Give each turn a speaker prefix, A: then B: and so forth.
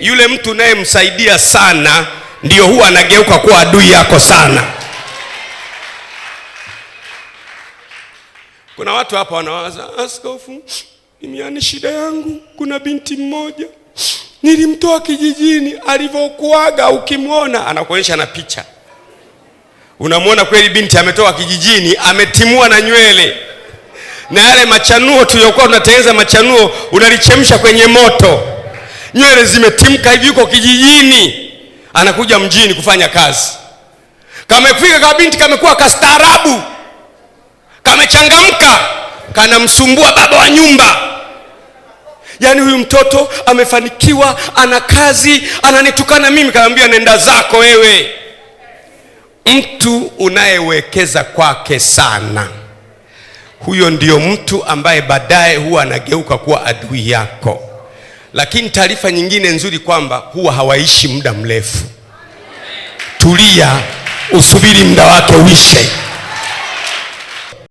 A: Yule mtu unayemsaidia sana ndio huwa anageuka kuwa adui yako sana. Kuna watu hapa wanawaza, askofu, imiani shida yangu, kuna binti mmoja nilimtoa kijijini, alivyokuaga ukimwona anakuonyesha na picha, unamwona kweli binti ametoka kijijini, ametimua na nywele na yale machanuo tuliyokuwa tunatengeneza machanuo, unalichemsha kwenye moto nywele zimetimka hivi, yuko kijijini, anakuja mjini kufanya kazi. Kamefika kabinti, kamekuwa kastaarabu, kamechangamka, kanamsumbua baba wa nyumba. Yaani huyu mtoto amefanikiwa, ana kazi, ananitukana mimi. Kaambia nenda zako wewe. Mtu unayewekeza kwake sana huyo ndiyo mtu ambaye baadaye huwa anageuka kuwa adui yako. Lakini taarifa nyingine nzuri kwamba huwa hawaishi muda mrefu. Tulia, usubiri muda wake uishe.